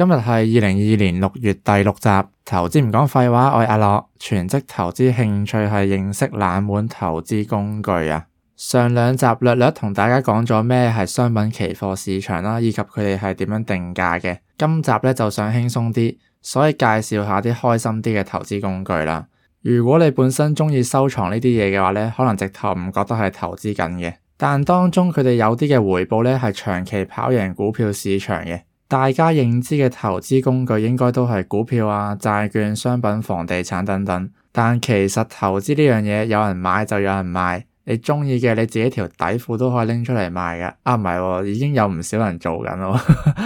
今日係二零二二年六月第六集，投資唔講廢話，我係阿樂，全職投資興趣係認識冷門投資工具啊。上兩集略略同大家講咗咩係商品期貨市場啦，以及佢哋係點樣定價嘅。今集咧就想輕鬆啲，所以介紹下啲開心啲嘅投資工具啦。如果你本身中意收藏呢啲嘢嘅話呢，可能直頭唔覺得係投資緊嘅，但當中佢哋有啲嘅回報呢係長期跑贏股票市場嘅。大家認知嘅投資工具應該都係股票啊、債券、商品、房地產等等，但其實投資呢樣嘢，有人買就有人賣。你中意嘅你自己條底褲都可以拎出嚟賣㗎。啊，唔係喎，已經有唔少人做緊咯。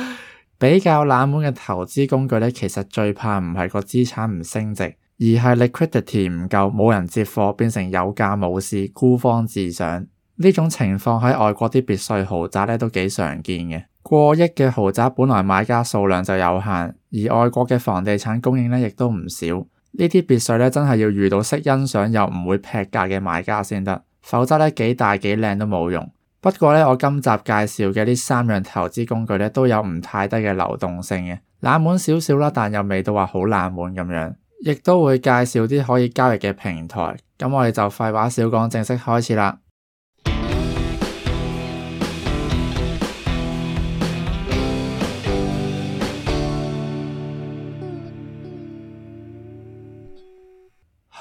比較冷門嘅投資工具咧，其實最怕唔係個資產唔升值，而係 liquidity 唔夠，冇人接貨，變成有價冇市，孤芳自賞。呢種情況喺外國啲別墅豪宅咧都幾常見嘅。過億嘅豪宅本來買家數量就有限，而外國嘅房地產供應呢亦都唔少，呢啲別墅呢真係要遇到識欣賞又唔會劈價嘅買家先得，否則呢幾大幾靚都冇用。不過呢，我今集介紹嘅呢三樣投資工具呢都有唔太低嘅流動性嘅，冷門少少啦，但又未到話好冷門咁樣，亦都會介紹啲可以交易嘅平台。咁我哋就廢話少講，正式開始啦。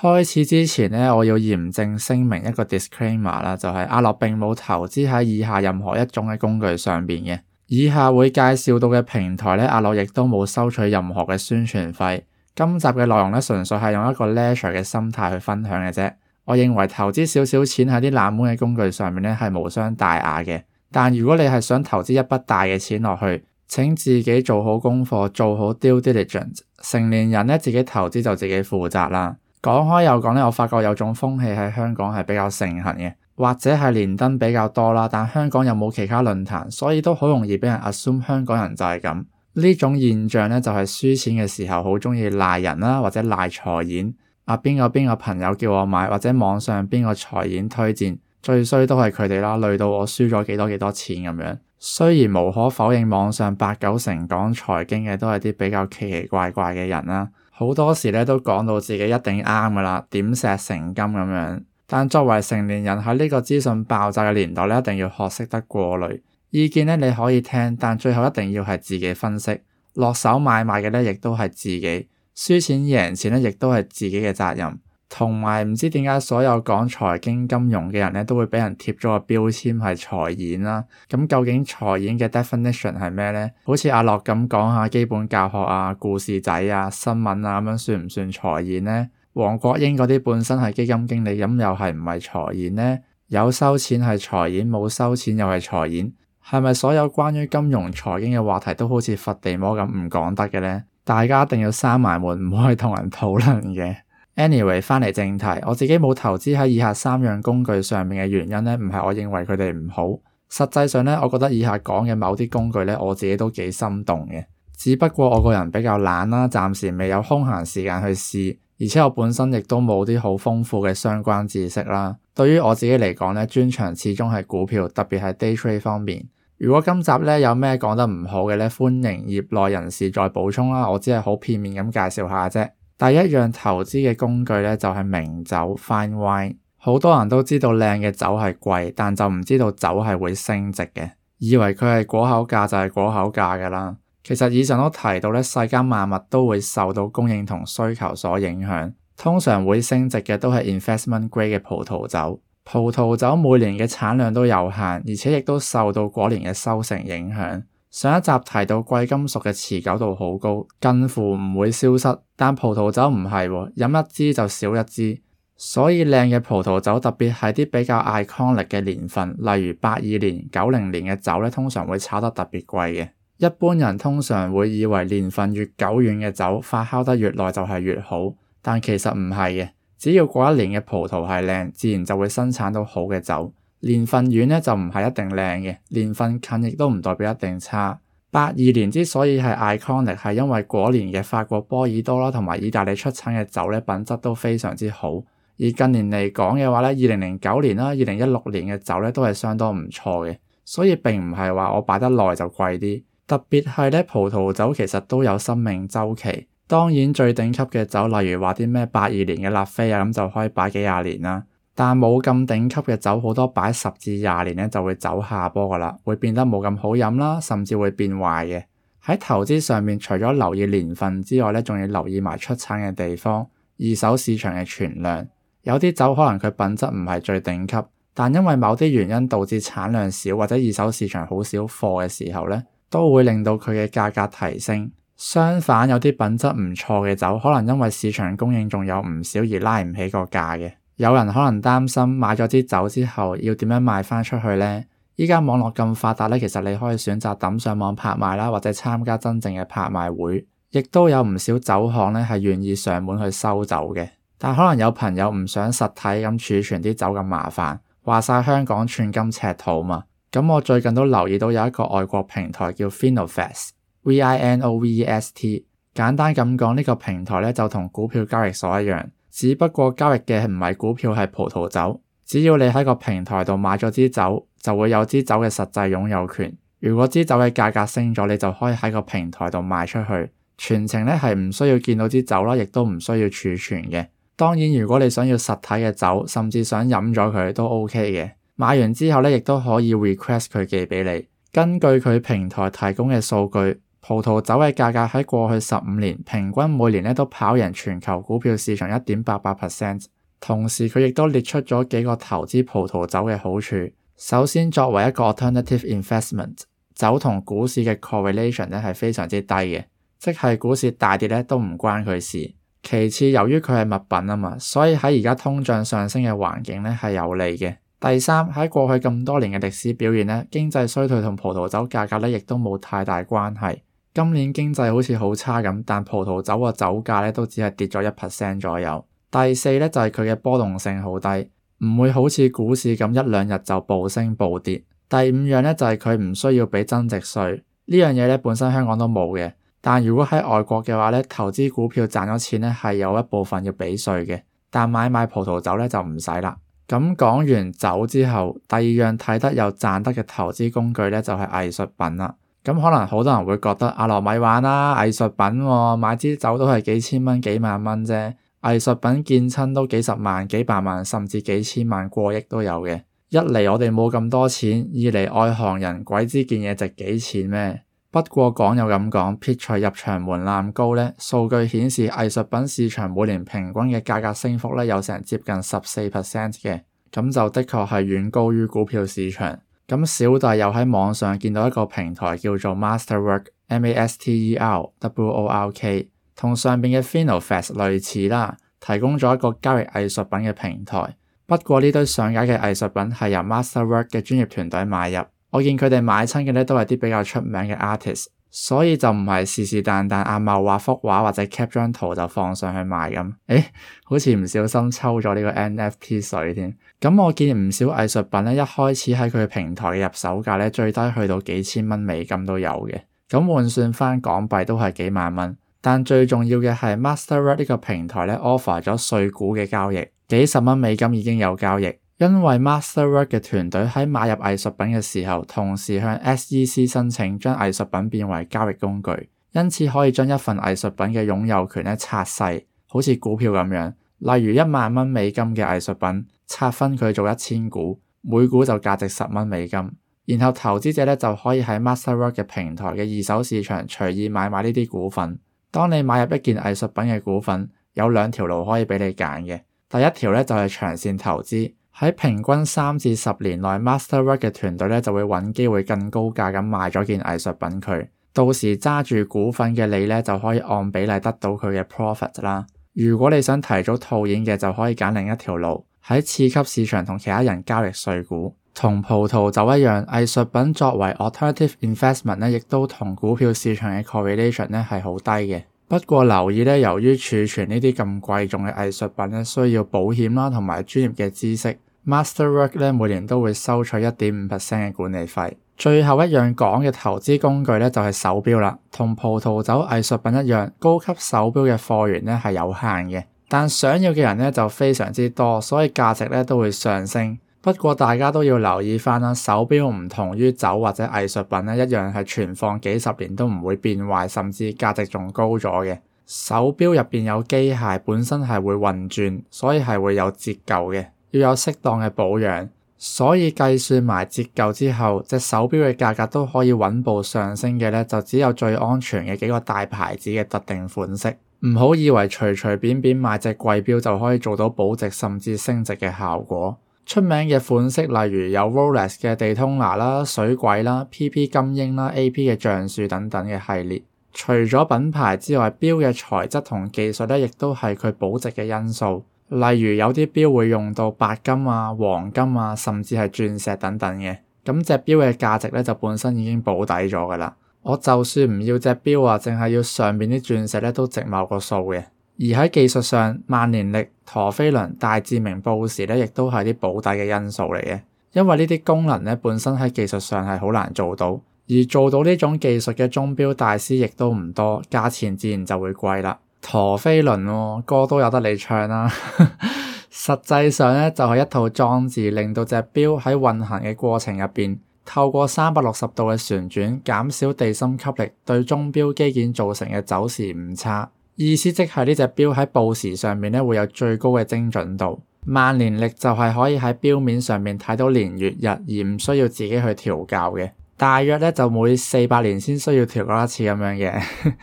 開始之前呢，我要嚴正聲明一個 Disclaimer 啦，就係阿樂並冇投資喺以下任何一種嘅工具上面嘅。以下會介紹到嘅平台呢，阿樂亦都冇收取任何嘅宣傳費。今集嘅內容呢，純粹係用一個 lecture 嘅心態去分享嘅啫。我認為投資少少錢喺啲冷門嘅工具上面呢，係無傷大雅嘅。但如果你係想投資一筆大嘅錢落去，請自己做好功課，做好 due diligence。成年人呢，自己投資就自己負責啦。講開又講呢，我發覺有種風氣喺香港係比較盛行嘅，或者係連登比較多啦。但香港又冇其他論壇，所以都好容易俾人 assume 香港人就係咁，呢種現象呢，就係輸錢嘅時候好中意賴人啦，或者賴財演啊，邊個邊個朋友叫我買，或者網上邊個財演推薦，最衰都係佢哋啦，累到我輸咗幾多幾多錢咁樣。雖然無可否認，網上八九成講財經嘅都係啲比較奇奇怪怪嘅人啦。好多時咧都講到自己一定啱噶啦，點石成金咁樣。但作為成年人喺呢個資訊爆炸嘅年代，咧一定要學識得過濾，意見咧，你可以聽，但最後一定要係自己分析。落手買賣嘅咧，亦都係自己，輸錢贏錢咧，亦都係自己嘅責任。同埋唔知點解所有講財經金融嘅人咧，都會俾人貼咗個標籤係財演啦。咁究竟財演嘅 definition 係咩咧？好似阿樂咁講下基本教學啊、故事仔啊、新聞啊咁樣算唔算財演咧？黃國英嗰啲本身係基金經理，咁又係唔係財演咧？有收錢係財演，冇收錢又係財演，係咪所有關於金融財經嘅話題都好似佛地魔咁唔講得嘅咧？大家一定要閂埋門，唔可以同人討論嘅。Anyway，返嚟正題，我自己冇投資喺以下三樣工具上面嘅原因咧，唔係我認為佢哋唔好。實際上咧，我覺得以下講嘅某啲工具咧，我自己都幾心動嘅。只不過我個人比較懶啦，暫時未有空閒時間去試，而且我本身亦都冇啲好豐富嘅相關知識啦。對於我自己嚟講咧，專長始終係股票，特別係 day trade 方面。如果今集咧有咩講得唔好嘅咧，歡迎業內人士再補充啦。我只係好片面咁介紹下啫。第一樣投資嘅工具呢，就係名酒 Fine Wine。好多人都知道靚嘅酒係貴，但就唔知道酒係會升值嘅，以為佢係果口價就係果口價噶啦。其實以上都提到呢，世間萬物都會受到供應同需求所影響，通常會升值嘅都係 Investment Grade 嘅葡萄酒。葡萄酒每年嘅產量都有限，而且亦都受到嗰年嘅收成影響。上一集提到貴金屬嘅持久度好高，近乎唔會消失，但葡萄酒唔係喎，飲一支就少一支，所以靚嘅葡萄酒，特別係啲比較 iconic 嘅年份，例如八二年、九零年嘅酒咧，通常會炒得特別貴嘅。一般人通常會以為年份越久遠嘅酒，發酵得越耐就係越好，但其實唔係嘅，只要過一年嘅葡萄係靚，自然就會生產到好嘅酒。年份遠呢就唔係一定靚嘅，年份近亦都唔代表一定差。八二年之所以係 iconic，係因為嗰年嘅法國波爾多啦，同埋意大利出產嘅酒咧品質都非常之好。而近年嚟講嘅話呢，二零零九年啦，二零一六年嘅酒咧都係相當唔錯嘅。所以並唔係話我擺得耐就貴啲，特別係呢葡萄酒其實都有生命周期。當然最頂級嘅酒，例如話啲咩八二年嘅拉菲啊，咁就可以擺幾廿年啦。但冇咁頂級嘅酒，好多擺十至廿年呢，就會走下坡㗎喇，會變得冇咁好飲啦，甚至會變壞嘅。喺投資上面，除咗留意年份之外呢，仲要留意埋出產嘅地方、二手市場嘅存量。有啲酒可能佢品質唔係最頂級，但因為某啲原因導致產量少或者二手市場好少貨嘅時候呢，都會令到佢嘅價格提升。相反，有啲品質唔錯嘅酒，可能因為市場供應仲有唔少而拉唔起個價嘅。有人可能擔心買咗支酒之後要點樣賣翻出去呢？依家網絡咁發達咧，其實你可以選擇抌上網拍賣啦，或者參加真正嘅拍賣會，亦都有唔少酒行咧係願意上門去收酒嘅。但可能有朋友唔想實體咁儲存啲酒咁麻煩，話晒香港寸金尺土嘛。咁我最近都留意到有一個外國平台叫 Vinovest，V-I-N-O-V-E-S-T。簡單咁講，呢個平台咧就同股票交易所一樣。只不過交易嘅唔係股票，係葡萄酒。只要你喺個平台度買咗支酒，就會有支酒嘅實際擁有權。如果支酒嘅價格升咗，你就可以喺個平台度賣出去。全程咧係唔需要見到支酒啦，亦都唔需要儲存嘅。當然，如果你想要實體嘅酒，甚至想飲咗佢，都 OK 嘅。買完之後咧，亦都可以 request 佢寄俾你。根據佢平台提供嘅數據。葡萄酒嘅價格喺過去十五年平均每年都跑贏全球股票市場一點八八 percent。同時佢亦都列出咗幾個投資葡萄酒嘅好處。首先，作為一個 alternative investment，酒同股市嘅 correlation 咧係非常之低嘅，即係股市大跌都唔關佢事。其次，由於佢係物品啊嘛，所以喺而家通脹上升嘅環境咧係有利嘅。第三，喺過去咁多年嘅歷史表現咧，經濟衰退同葡萄酒價格咧亦都冇太大關係。今年經濟好似好差咁，但葡萄酒個酒價都只係跌咗一 percent 左右。第四咧就係佢嘅波動性好低，唔會好似股市咁一兩日就暴升暴跌。第五樣咧就係佢唔需要俾增值稅，呢樣嘢咧本身香港都冇嘅。但如果喺外國嘅話呢，投資股票賺咗錢呢，係有一部分要俾稅嘅，但買賣葡萄酒咧就唔使啦。咁講完酒之後，第二樣睇得又賺得嘅投資工具咧就係藝術品啦。咁可能好多人會覺得阿囉，咪玩啦，藝術品，哦，買支酒都係幾千蚊、幾萬蚊啫。藝術品見親都幾十萬、幾百萬，甚至幾千萬、過億都有嘅。一嚟我哋冇咁多錢，二嚟外行人鬼知件嘢值幾錢咩？不過講又咁講，撇除入場門檻高呢，數據顯示藝術品市場每年平均嘅價格升幅呢有成接近十四 percent 嘅，咁就的確係遠高於股票市場。咁小弟又喺網上見到一個平台叫做 Masterwork，M A S T E R W O R K，同上面嘅 Final Fest 類似啦，提供咗一個交易藝術品嘅平台。不過呢堆上架嘅藝術品係由 Masterwork 嘅專業團隊買入，我見佢哋買親嘅咧都係啲比較出名嘅 artist，所以就唔係是是但但阿茂畫幅畫，幅畫或者 cap 張圖就放上去賣咁。誒，好似唔小心抽咗呢個 NFT 水添。咁我見唔少藝術品咧，一開始喺佢平台嘅入手價咧，最低去到幾千蚊美金都有嘅，咁換算返港幣都係幾萬蚊。但最重要嘅係 Masterworks 呢個平台咧，offer 咗碎股嘅交易，幾十蚊美金已經有交易。因為 Masterworks 嘅團隊喺買入藝術品嘅時候，同時向 SEC 申請將藝術品變為交易工具，因此可以將一份藝術品嘅擁有權咧拆細，好似股票咁樣。例如一萬蚊美金嘅藝術品，拆分佢做一千股，每股就價值十蚊美金。然後投資者咧就可以喺 Masterwork 嘅平台嘅二手市場隨意買賣呢啲股份。當你買入一件藝術品嘅股份，有兩條路可以俾你揀嘅。第一條呢，就係長線投資，喺平均三至十年內，Masterwork 嘅團隊咧就會揾機會更高價咁賣咗件藝術品佢。到時揸住股份嘅你呢，就可以按比例得到佢嘅 profit 啦。如果你想提早套現嘅，就可以揀另一條路，喺次級市場同其他人交易碎股，同葡萄酒一樣，藝術品作為 alternative investment 亦都同股票市場嘅 correlation 咧係好低嘅。不過留意呢，由於儲存呢啲咁貴重嘅藝術品咧，需要保險啦，同埋專業嘅知識。Masterwork 咧每年都會收取一點五 percent 嘅管理費。最後一樣講嘅投資工具咧，就係手錶啦。同葡萄酒、藝術品一樣，高級手錶嘅貨源咧係有限嘅，但想要嘅人咧就非常之多，所以價值咧都會上升。不過大家都要留意返啦，手錶唔同於酒或者藝術品咧一樣，係存放幾十年都唔會變壞，甚至價值仲高咗嘅。手錶入邊有機械，本身係會運轉，所以係會有折舊嘅，要有適當嘅保養。所以計算埋折舊之後，隻手錶嘅價格都可以穩步上升嘅咧，就只有最安全嘅幾個大牌子嘅特定款式。唔好以為隨隨便便便買隻貴錶就可以做到保值甚至升值嘅效果。出名嘅款式例如有 Rolex 嘅地通拿啦、水鬼啦、PP 金鷹啦、AP 嘅橡樹等等嘅系列。除咗品牌之外，錶嘅材質同技術咧，亦都係佢保值嘅因素。例如有啲錶會用到白金啊、黃金啊，甚至係鑽石等等嘅，咁隻錶嘅價值咧就本身已經保底咗噶啦。我就算唔要隻錶啊，淨係要上面啲鑽石咧，都值某個數嘅。而喺技術上，萬年曆、陀飛輪、大自鳴報時咧，亦都係啲保底嘅因素嚟嘅，因為呢啲功能咧本身喺技術上係好難做到，而做到呢種技術嘅鐘錶大師亦都唔多，價錢自然就會貴啦。陀飛輪、哦、歌都有得你唱啦，啊， 實際上咧就係一套裝置令到隻錶喺運行嘅過程入邊，透過三百六十度嘅旋轉，減少地心吸力對鐘錶機件造成嘅走時誤差。意思即係呢隻錶喺報時上面咧會有最高嘅精準度。萬年曆就係可以喺錶面上面睇到年月日，而唔需要自己去調校嘅。大約咧就每四百年先需要調過一次咁樣嘅。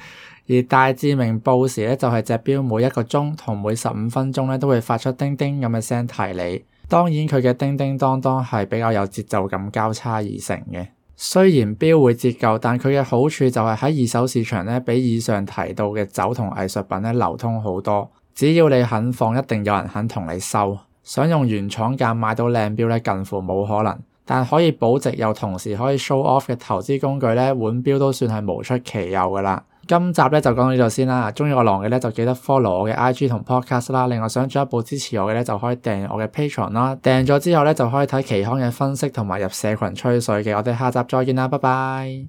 而大自鳴報時咧，就係隻錶每一個鐘同每十五分鐘咧都會發出叮叮咁嘅聲提你。當然佢嘅叮叮當當係比較有節奏感交叉而成嘅。雖然錶會折舊，但佢嘅好處就係喺二手市場咧比以上提到嘅酒同藝術品咧流通好多。只要你肯放，一定有人肯同你收。想用原廠價買到靚錶咧，近乎冇可能，但可以保值又同時可以 show off 嘅投資工具咧，腕錶都算係無出其右噶啦。今集咧就講到呢度先啦，中意我狼嘅咧就記得 follow 我嘅 IG 同 podcast 啦，另外想進一步支持我嘅咧就可以訂我嘅 Patreon 啦，訂咗之後咧就可以睇期刊嘅分析同埋入社群吹水嘅，我哋下集再見啦，拜拜。